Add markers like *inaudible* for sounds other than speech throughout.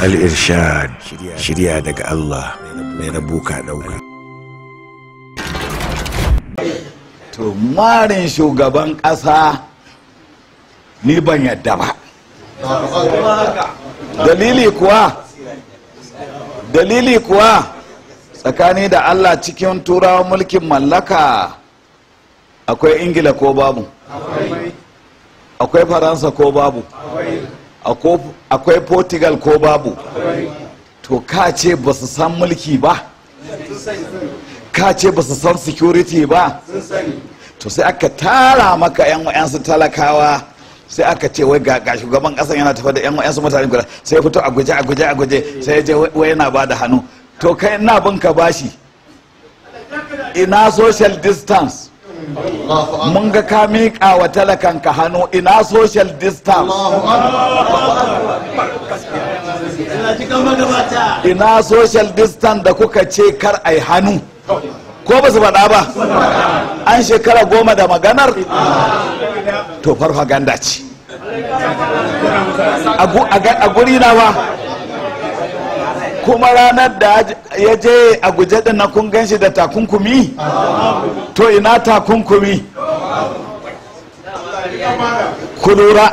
Al-Irshad shirya daga Allah mai rabu ka ɗauka. To, marin shugaban ƙasa ni ban yadda ba. Dalili kuwa, dalili kuwa tsakani da Allah cikin turawa mulkin mallaka akwai Ingila ko babu? Akwai Faransa ko babu? akwai portugal ko babu to ka ce ba su san mulki ba ka ce ba su san security ba to sai aka tara maka yan wa'yansu talakawa sai aka ce wai ga shugaban kasan yana tafa da yan wa'yansu mutane guda sai ya fito a guje a guje a guje sai ya je wai yana ba da hannu to kai ina bin ka bashi ina social distance mun ga ka miƙa wa talakan ka hannu ina social distance ina social distance da kuka ce kar a yi hannu ko ba su faɗa ba an shekara goma da maganar to ganda ce a guri na ba kuma ranar da ya je a guje da na kun shi da takunkumi to ina takunkumi ku lura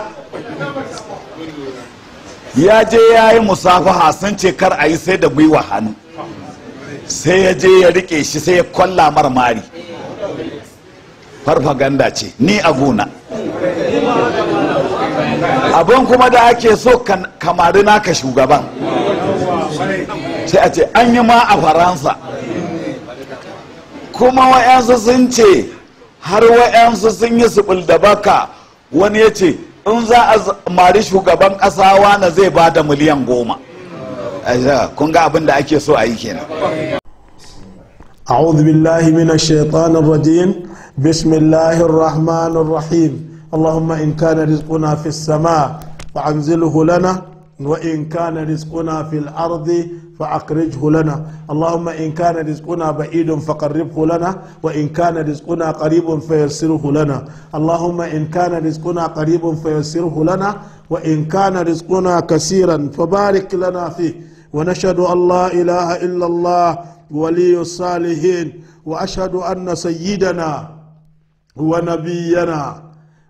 ya je ya yi musafaha sun ce kar a yi sai da gwiwa hannu sai ya je ya rike shi sai ya kwalla marmari farfaganda ce ni a gona abin kuma da ake so kamari naka shugaban sai a ce an yi ma a faransa kuma wa'yansu sun ce har wa'yansu sun yi subul da baka wani ya ce in za a mari shugaban ƙasa wana zai ba da miliyan goma kun ga abin da ake so a yi kenan أعوذ بالله من الشيطان الرجيم بسم الله الرحمن الرحيم اللهم إن كان رزقنا في السماء فأنزله لنا وإن كان رزقنا في الأرض فأخرجه لنا اللهم إن كان رزقنا بعيد فقربه لنا وإن كان رزقنا قريب فيسره لنا اللهم إن كان رزقنا قريب فيسره لنا وإن كان رزقنا كثيرا فبارك لنا فيه ونشهد أن لا إله إلا الله ولي الصالحين وأشهد أن سيدنا ونبينا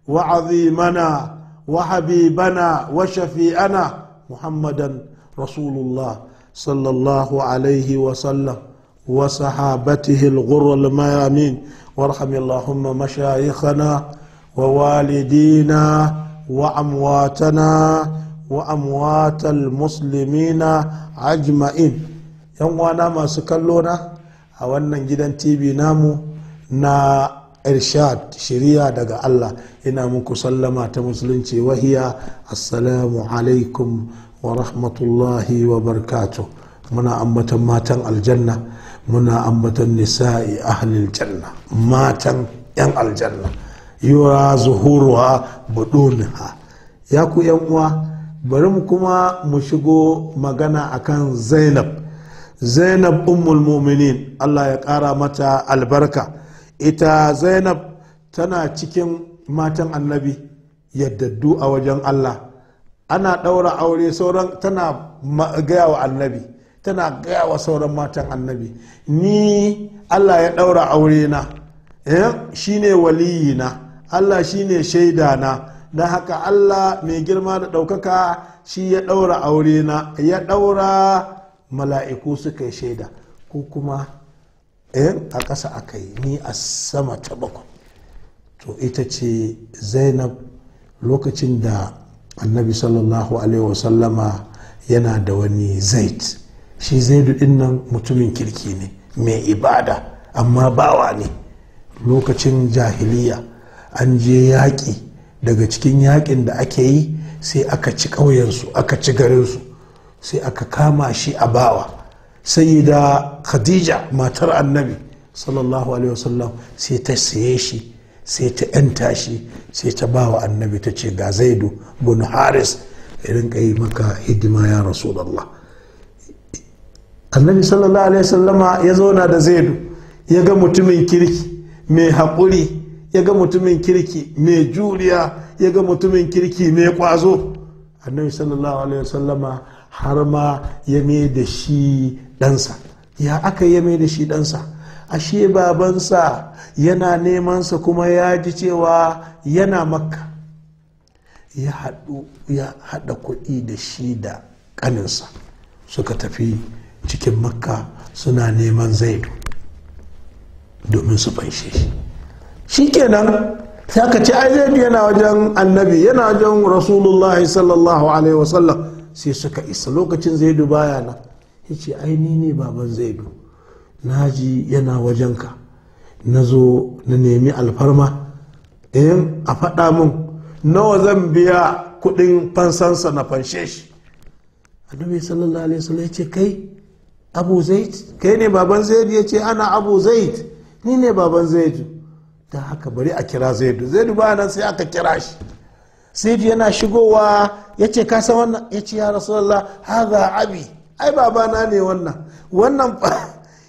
وعظيمنا وحبيبنا وشفيئنا محمدا رسول الله صلى الله عليه وسلم وصحابته الغر الميامين وارحم اللهم مشايخنا ووالدينا وأمواتنا وأموات المسلمين أجمعين yan wana masu kallo na a wannan gidan tv namu na irshad shiriya daga allah ina muku sallama ta musulunci wahiya assalamu alaikum wa rahmatullahi wa barkatu muna ambatan matan aljanna muna ambatan nisa'i ahlil janna matan yan aljanna yura zuhuruwa budunha ya ku yan uwa bari mu kuma mu shigo magana akan zainab zainab ummul muminin allah ya kara mata albarka ita zainab tana cikin matan annabi yaddaddu a wajen allah ana ɗaura aure sauran tana gaya wa annabi tana gaya wa sauran matan annabi ni allah ya ɗaura aure na eh, shi ne waliyi na allah shi ne shaida na don haka allah mai girma da ɗaukaka shi ya ɗaura aure na ya ɗaura mala'iku suka yi shaida ko kuma eh, a ƙasa aka yi ni a sama ta bakwai to ita ce zainab lokacin da annabi sallallahu alaihi wasallama yana da wani zait shi zaidu din nan mutumin kirki ne mai ibada amma bawa ne lokacin jahiliya an je yaƙi daga cikin yaƙin da ake yi sai aka ci ƙauyensu aka ci garinsu sai aka kama shi a bawa sai da khadija matar annabi sallallahu alaihi wasallam sai ta saye shi sai ta 'yan tashi sai ta ba wa annabi ta ce ga zaidu bin haris irin yi maka hidima ya rasulallah annabi sallallahu alaihi sallama ya zauna da zaidu ya ga mutumin kirki mai haƙuri ya ga mutumin kirki mai juriya ya ga mutumin kirki mai ƙwazo annabi sallallahu alaihi sallama har ma ya mai da shi ɗansa ya aka yi ya mai da shi ɗansa ashe babansa yana nemansa kuma ya ji cewa yana makka ya haɗa kuɗi da shi da ƙaninsa suka tafi cikin makka suna neman zaidu domin su fanshe shi shi kenan sai aka ce ai yana wajen annabi yana wajen rasulullahi sallallahu alaihi wasallam sai suka isa lokacin zaidu baya nan ya ce ai ni ne baban zaidu na ji yana wajenka na zo na nemi alfarma in a faɗa min nawa zan biya kuɗin fansansa na fanshe shi annabi sallallahu alaihi wasallam ya ce kai abu zaid kai ne baban zaid ya ce ana abu zaid ni ne baban zaid ta haka bari a kira zaidu zaidu ba nan sai aka kira shi zaidu yana shigowa ya ce kasa wannan ya ce ya rasulallah haza abi ai babana ne wannan wannan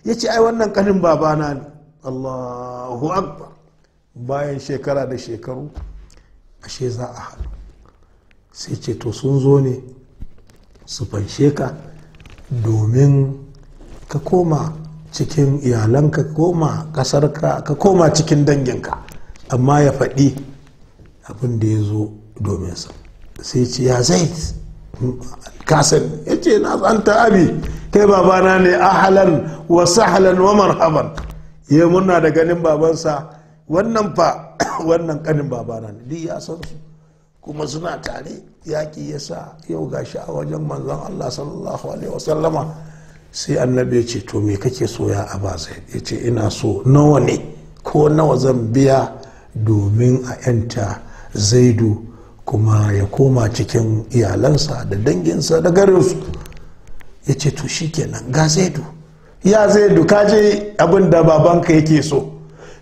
ya ce ai wannan kanin babana ne allahu akbar bayan shekara da shekaru ashe za a haɗu sai ce to sun zo ne su fanshe ka domin ka koma cikin iyalanka ka koma ƙasarka ka koma cikin danginka amma ya faɗi abin da ya zo domin sa sai ce ya zai kasan ya ce na tsanta abi kai babana ne ahalan wa sahlan wa marhaban ya muna da ganin babansa wannan fa *coughs* wannan kanin babana ne duk ya san su kuma suna tare yaƙi ya sa yau gashi a wajen manzon Allah sallallahu alaihi wasallama sai annabi ya ce to me kake so ya abasa ya ce ina so nawa ne ko nawa zan biya domin a yanta zaidu kuma ya koma cikin iyalansa da danginsa da garinsu ya ce to shi kenan ga zaidu ya zaidu ka je abin da babanka yake so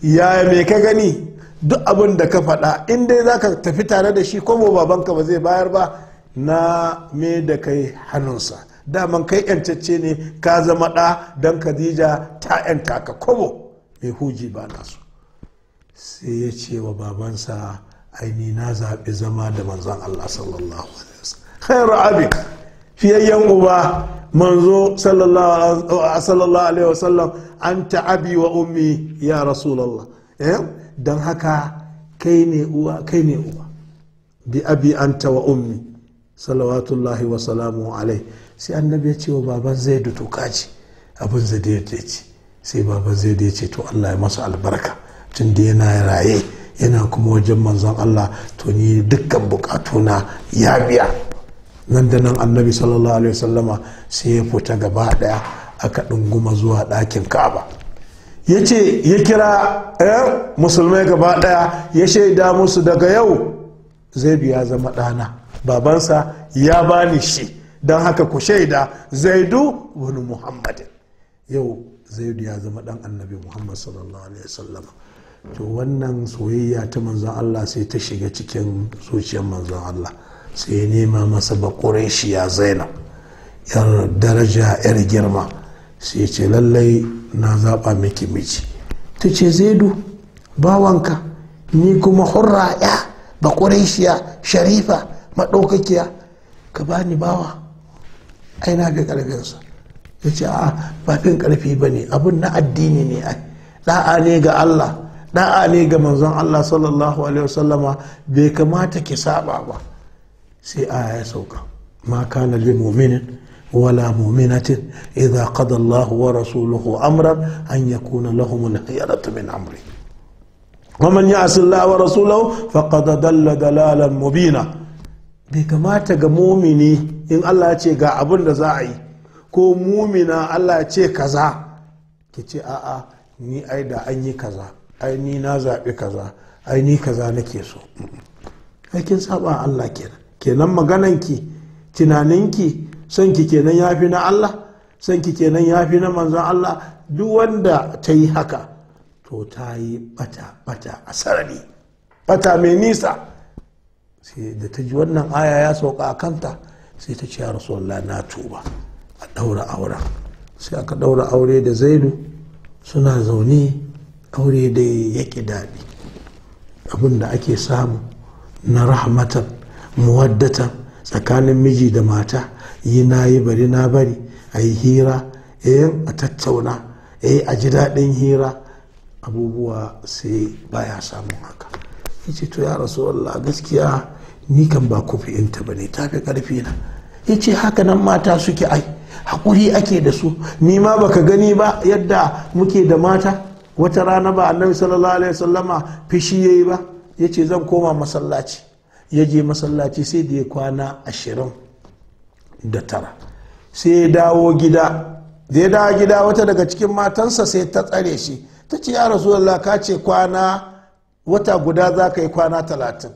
ya me ka gani duk abin da ka faɗa in dai za ka tafi tare da shi kuma babanka ba zai bayar ba na me da kai hannunsa daman kai yancacce ne ka zama ɗa don khadija ta yanta ka kobo mai huji ba nasu sai ya ce wa babansa aini na zaɓi zama da manzan allah sallallahu alaihi wasallam khairu abin fiyayyen uba manzo sallallahu alaihi wasallam an ta'abi wa ummi ya rasulallah eh? don haka kai ne uwa kai ne uwa bi abi ta wa ummi salawatullahi wa salamu alai sai annabi ya ce wa baban zaidu to kaji abin zai ya ce sai baban zai ya ce to Allah ya masa albarka tun da yana raye yana kuma wajen manzon Allah to ni dukkan bukatuna ya biya nan da nan annabi sallallahu alaihi wasallama sai ya fita gaba daya aka guma zuwa ɗakin ka'aba ya ce ya kira eh, musulmai gaba daya ya shaida musu daga yau zai ya zama dana babansa ya bani shi don haka ku shaida zaidu wani muhammadin yau zaidu ya zama dan annabi muhammad sallallahu alaihi wasallama to wannan soyayya ta manzon allah sai ta shiga cikin zuciyar manzon allah sai nema masa bakurai shi ya zainab yar daraja yar girma sai ce lallai na zaɓa miki miji ta ce zaidu bawanka ni kuma hurra ya sharifa maɗaukakiya ka ni bawa ai na fi ƙarfinsa ya ce a ba fin ƙarfi ba ne abin na addini ne ai ɗa'a ne ga allah ɗa'a ne ga manzon allah sallallahu alaihi wasallama bai kamata ki saba ba sai aya ya sauka ma kana lil mu'minin wala mu'minatin idza qada Allahu wa rasuluhu amran an yakuna lahum al-khiyaratu min amri ومن يعص الله ورسوله فقد ضل ضلالا مبينا bai kamata ga mumini in Allah ce ga abin da za a yi ko mumina Allah ce kaza ki ce a'a ni ai da an yi kaza ai ni na zaɓi kaza ai ni kaza nake so aikin saba Allah kenan kenan magananki tunaninki sanki kenan ya fi na Allah sanki kenan ya fi na manzon Allah duk wanda ta yi haka to ta yi bata bata a sarari bata mai nisa sai da ta ji wannan aya ya sauka a kanta sai ta ce ya na tuba a ɗaura auren sai aka ɗaura aure da zaidu suna zaune aure da yake daɗi abin da ake samu na rahmatan muwaddata tsakanin miji da mata yi na yi bari na bari a yi hira yin eh, a tattauna eh a ji daɗin hira abubuwa sai baya samu haka ya ce to ya rasu Allah gaskiya ni kan ba kufiyinta ba ne ta fi ƙarfi na ya ce haka nan mata suke ai hakuri ake da su ni ma baka gani ba yadda muke da mata wata rana ba annabi sallallahu alaihi wasallama fishi yayi ba yace zan koma masallaci ya je masallaci sai da ya kwana ashirin da tara sai ya dawo gida da ya dawo gida wata daga cikin matansa sai ta tsare shi ta ce ya rasu ka ce kwana wata guda za ka yi kwana talatin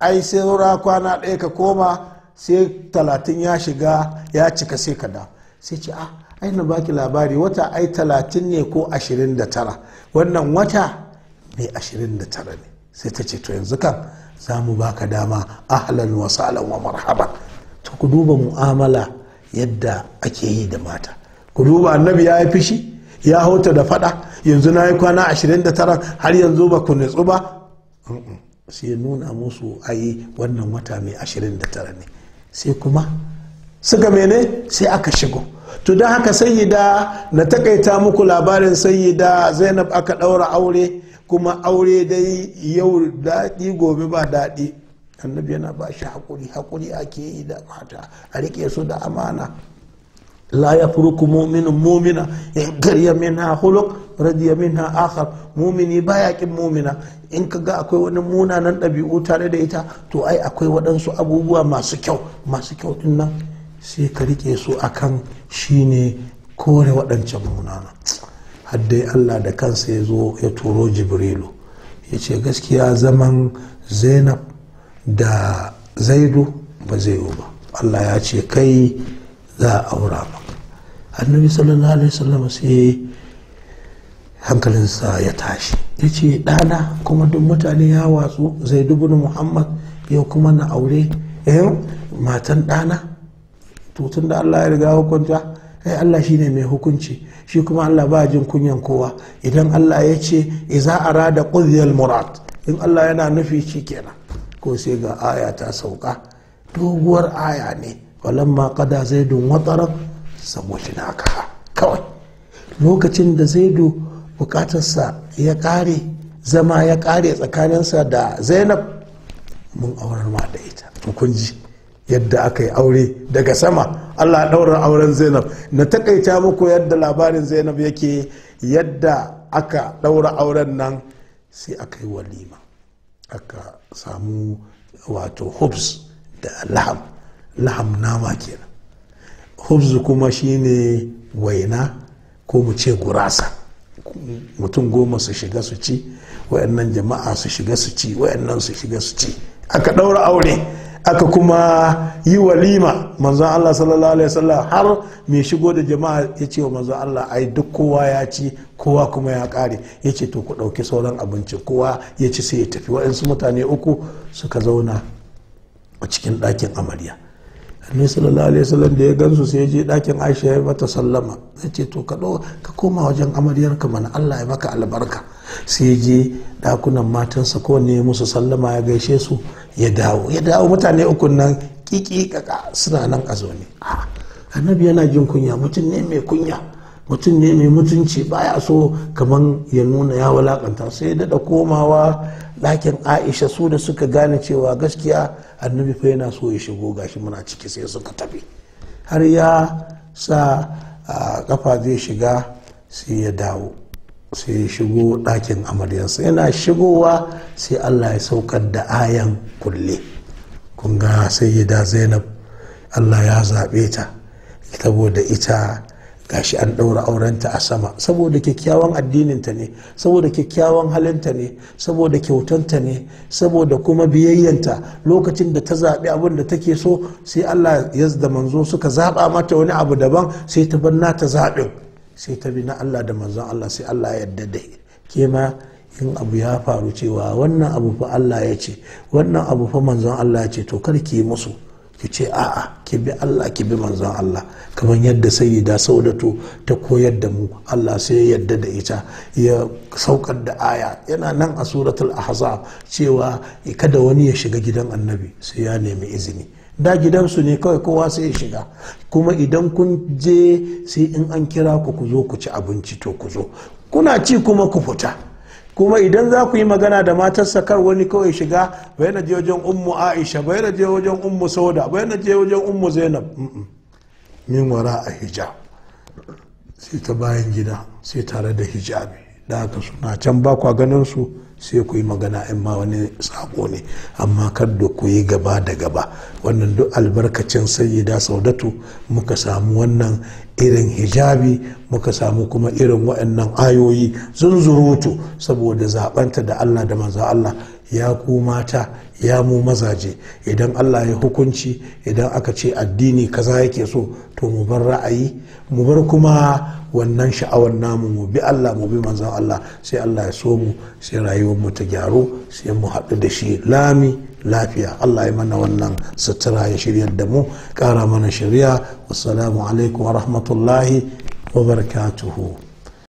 ai sai ra kwana ɗaya ka koma sai talatin ya shiga ya cika sai ka dawo sai ce ah ai na baki labari wata ai talatin ne ko ashirin da tara wannan wata mai ashirin da tara ne sai ta ce to yanzu kan. za mu baka dama ahlan wa salan wa marhaba to ku duba mu'amala yadda ake yi da mata ku duba annabi ya yi fishi ya hauta da fada yanzu na yi kwana 29 har yanzu ba ku nutsu ba sai nuna musu a yi wannan wata mai 29 ne sai kuma suka mene sai aka shigo to don haka sayyida na takaita muku labarin sayyida zainab aka daura aure kuma aure dai yau daɗi gobe ba daɗi annabi yana ba shi haƙuri haƙuri ake yi da mata a riƙe su da amana la ya furuku muminin mumina in karya min ha huluk radiya min ha akhar mumini baya kin mumina in ka ga akwai wani munanan ɗabi'u tare da ita to ai akwai waɗansu abubuwa masu kyau masu kyau din nan sai ka riƙe su akan shine kore waɗancan munana har dai allah da kansa ya zo ya turo jibrilu ya ce gaskiya zaman zainab da zaidu ba zai yi ba allah ya ce kai za a aura ba annabi sallallahu alaihi wasallam sai hankalinsa ya tashi ya ce ɗana kuma duk mutane ya watsu zai dubu muhammad yau kuma na aure yau eh, matan ɗana tutun da allah ya riga hukunta sai Allah shine mai hukunci shi kuma Allah ba jin kunyan kowa idan Allah ya ce a rada qudhiyal murad in Allah yana nufi shi kenan ko sai ga aya ta sauka doguwar aya ne walamma qada zaidun wataran sawwajna kawai lokacin da zaidu bukatarsa ya kare zama ya kare tsakaninsa da zainab mun aurar ma da ita kun ji yadda aka yi aure daga sama allah ɗaura auren zainab na takaita muku yadda labarin zainab yake yadda aka ɗaura auren nan sai aka yi walima aka samu wato hubs da laham laham nama kenan hubs kuma shine waina ko mu ce gurasa mutum goma su shiga su ci wayannan jama'a su shiga su ci wayannan su shiga su ci aka ɗaura aure aka kuma yi walima manzon Allah sallallahu alaihi wasallam har mai shigo da jama'a ya ce wa manzon Allah ai duk kowa ya ci kowa kuma ya kare ya ce to ku ɗauki sauran abinci kowa ya ci sai ya tafi waɗansu mutane uku suka zauna a cikin ɗakin amarya annabi sallallahu alaihi wasallam da ya gansu sai ya je dakin aisha ya mata sallama ya ce to ka ka koma wajen amaryar ka mana allah ya maka albarka sai ya je dakunan matansa ko ne musu sallama ya gaishe su ya dawo ya dawo mutane uku nan kiki kaka suna nan a zaune annabi yana jin kunya mutum ne mai kunya mutum ne mai mutunci baya so kamar ya nuna ya walakanta sai daɗa komawa lakin aisha su da suka gane cewa gaskiya annabi fa yana so ya shigo gashi muna ciki sai suka tafi har ya sa kafa zai shiga sai ya dawo sai ya shigo ɗakin amaryarsa yana shigowa sai allah ya saukar da ayan kulle kun ga sai ya zainab allah ya zaɓe ta saboda ita gashi an ɗaura aurenta a sama saboda kyakkyawan addininta ne saboda kyakkyawan halinta ne saboda kyautanta ne saboda kuma biyayyanta lokacin da ta zaɓi abin da take so sai allah ya da manzo suka zaɓa mata wani abu daban sai ta bar nata zaɓin sai ta bi na allah da manzon allah sai allah ya yarda da ke ma in abu ya faru cewa wannan abu fa allah ya ce wannan abu fa manzon allah ya ce to kar ki musu ki ce a'a ki bi Allah ki bi manzon Allah kamar yadda sayyida saudatu ta koyar da mu Allah sai ya yarda da ita ya saukar da aya yana nan a suratul ahzab cewa kada wani ya shiga gidan annabi sai ya nemi izini da gidansu ne kawai kowa sai ya shiga kuma idan kun je sai in an kira ku ku zo ku ci abinci to ku zo kuna ci kuma ku fita kuma idan za ku yi magana da matarsa kar wani kawai shiga bai na je wajen ummu aisha bai na je wajen ummu sauda bai na je wajen ummu zainab min wara a hijab sai ta bayan gida sai tare da hijabi da aka suna can ba kwa ganin su sai ku yi magana in ma wani sako ne amma kar da ku yi gaba da gaba wannan duk albarkacin sayyida saudatu muka samu wannan irin hijabi muka samu kuma irin waɗannan ayoyi zunzurutu saboda zaɓanta da allah da maza allah ya ku mata ya mu mazaje idan allah ya hukunci idan aka ce addini kaza yake so to mu bar ra'ayi mu bar kuma wannan sha'awar namu mu bi Allah mu bi manzon Allah sai Allah ya so mu sai rayuwar mu ta gyaru sai mu haɗu da shi lami lafiya Allah ya mana wannan sutura ya shiryar da mu ƙara mana shari'a wassalamu alaikum wa rahmatullahi wa barakatuhu